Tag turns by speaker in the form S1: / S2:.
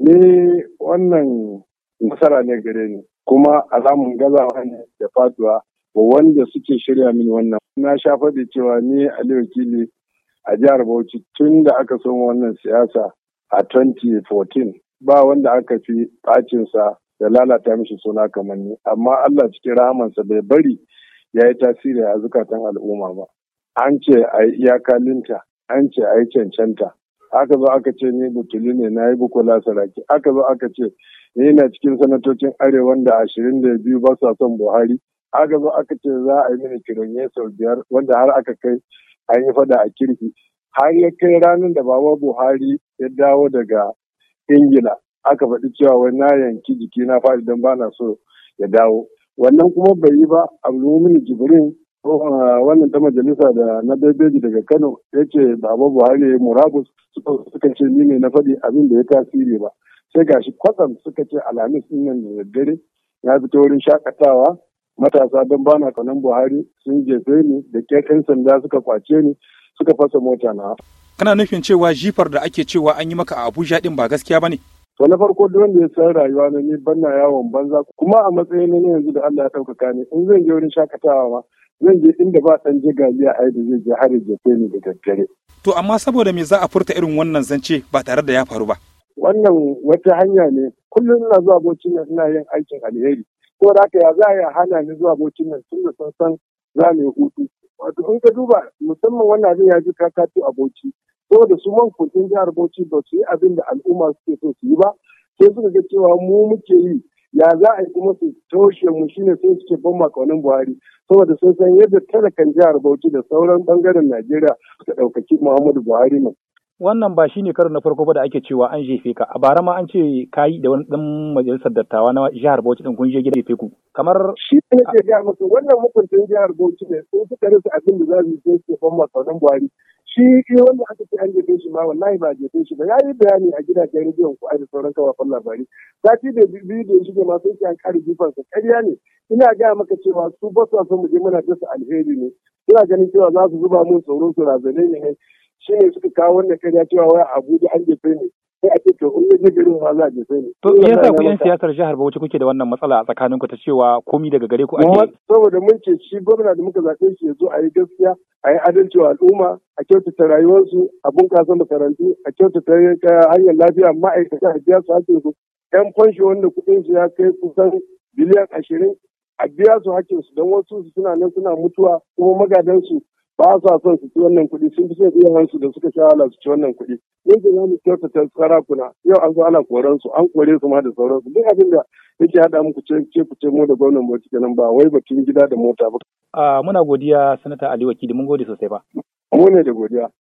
S1: Ni wannan nasara ne gare ni, kuma alamun gazawa ne da faduwa wa wanda suke shirya mini wannan. Na sha faɗi cewa ni Aliyu wakili a jihar Bauchi tun da aka son wannan siyasa a 2014 ba wanda aka fi ɓacinsa da lalata mishi suna kamar ni, amma Allah cikin rahamansa bai bari ya yi tasiri a zukatan al'umma ba. An ce a yi iyakalinta, an ce a yi cancanta. aka zo aka ce ni butuli ne na yi bukola saraki aka zo aka ce ni na cikin sanatocin arewa da ashirin da biyu ba su son buhari aka zo aka ce za a yi mini kironye sau biyar wanda har aka kai an yi fada a kirki har ya kai ranar da baba buhari ya dawo daga ingila aka faɗi cewa wai na yanki jiki na faɗi don bana so ya dawo wannan kuma bai yi ba abu mini jibrin Ah, wannan ta majalisa da na bebeji daga kano ya ce baba buhari murabus suka ce ni ne na faɗi abin da ya tasiri ba sai gashi kwatsam suka ce alhamis nan da daddare ya fito wurin shakatawa matasa don bana kanan buhari sun jefe ni da kyakkyan sanda suka kwace ni suka fasa mota na
S2: kana nufin cewa jifar da ake cewa an yi maka a abuja din ba gaskiya ba ne
S1: to na farko duk wanda ya san rayuwa na ni banna yawon banza kuma a matsayin na yanzu da Allah ya ɗaukaka ni in zan je wurin shakatawa ma zan je inda ba ɗan gajiya a yadda zai je har ya kai ni da
S2: daddare. To amma saboda me za a furta irin wannan zance ba tare da ya faru ba? Wannan
S1: wata hanya ne kullum ina zuwa bocin nan ina yin aikin alheri. Ko da ya za a hana ni zuwa bocin nan tun da san san za hutu. Wato in ka duba musamman wannan abin ya ji kakatu a aboki. da su kudin jihar Bauchi ba su yi abin da al'umma suke so su yi ba sai suka ga cewa mu muke yi ya za a yi kuma su taushe mu shine sai suke ban makonin Buhari saboda sun san yadda talakan jihar Bauchi da sauran bangaren Najeriya suka daukaki Muhammadu Buhari ne.
S2: Wannan ba shine karo na farko ba da ake cewa an jefe ka a bara ma an ce yi da wani dan majalisar dattawa na jihar Bauchi din kun je gidan jefe ku kamar shi
S1: ne ke ga musu wannan mukuntun jihar Bauchi ne sun suka rasa abin da za su yi sai su ban makonin Buhari shi wanda aka ce an jefe shi ma wallahi ba jefe shi ba ya yi bayani a gidajen rediyon ko a da sauran kafafen labarai sati da biyu da shi ke masu yake an kare jifansa ƙarya ne ina gaya maka cewa su ba su mu je muna jasa alheri ne ina ganin cewa za su zuba mun tsoron su razane ne shi ne suka kawo wannan ƙarya cewa wai abuja an jefe ne sai a ce to in ya jirgin ma za a je sai ne. To me yasa ku yan siyasar
S2: jihar Bauchi kuke da wannan matsala a tsakanin ku ta cewa komi daga gare ku ake?
S1: Saboda mun ce shi gwamna da muka zaɓe shi ya zo a yi gaskiya a yi adalci wa al'umma a kyautata rayuwarsu a bunƙasa makarantu a kyautata hanyar lafiya ma'aikata a biya su hakkin su. Yan fanshi wanda kuɗin su ya kai kusan biliyan ashirin a biya su hakkin su don wasu suna nan suna mutuwa kuma magadansu ba sa son su ci wannan kuɗi sun fi son iyayensu da suka sha wahala su ci wannan kuɗi ke za mu kyautata sarakuna yau an zo ana koran su an kore su ma da sauransu duk abin da yake haɗa muku ce ce ku ce mu da gwamnan bauchi kenan ba wai batun gida da mota ba.
S2: Ah, muna godiya sanata ali wakili mun gode sosai ba.
S1: mu ne da godiya.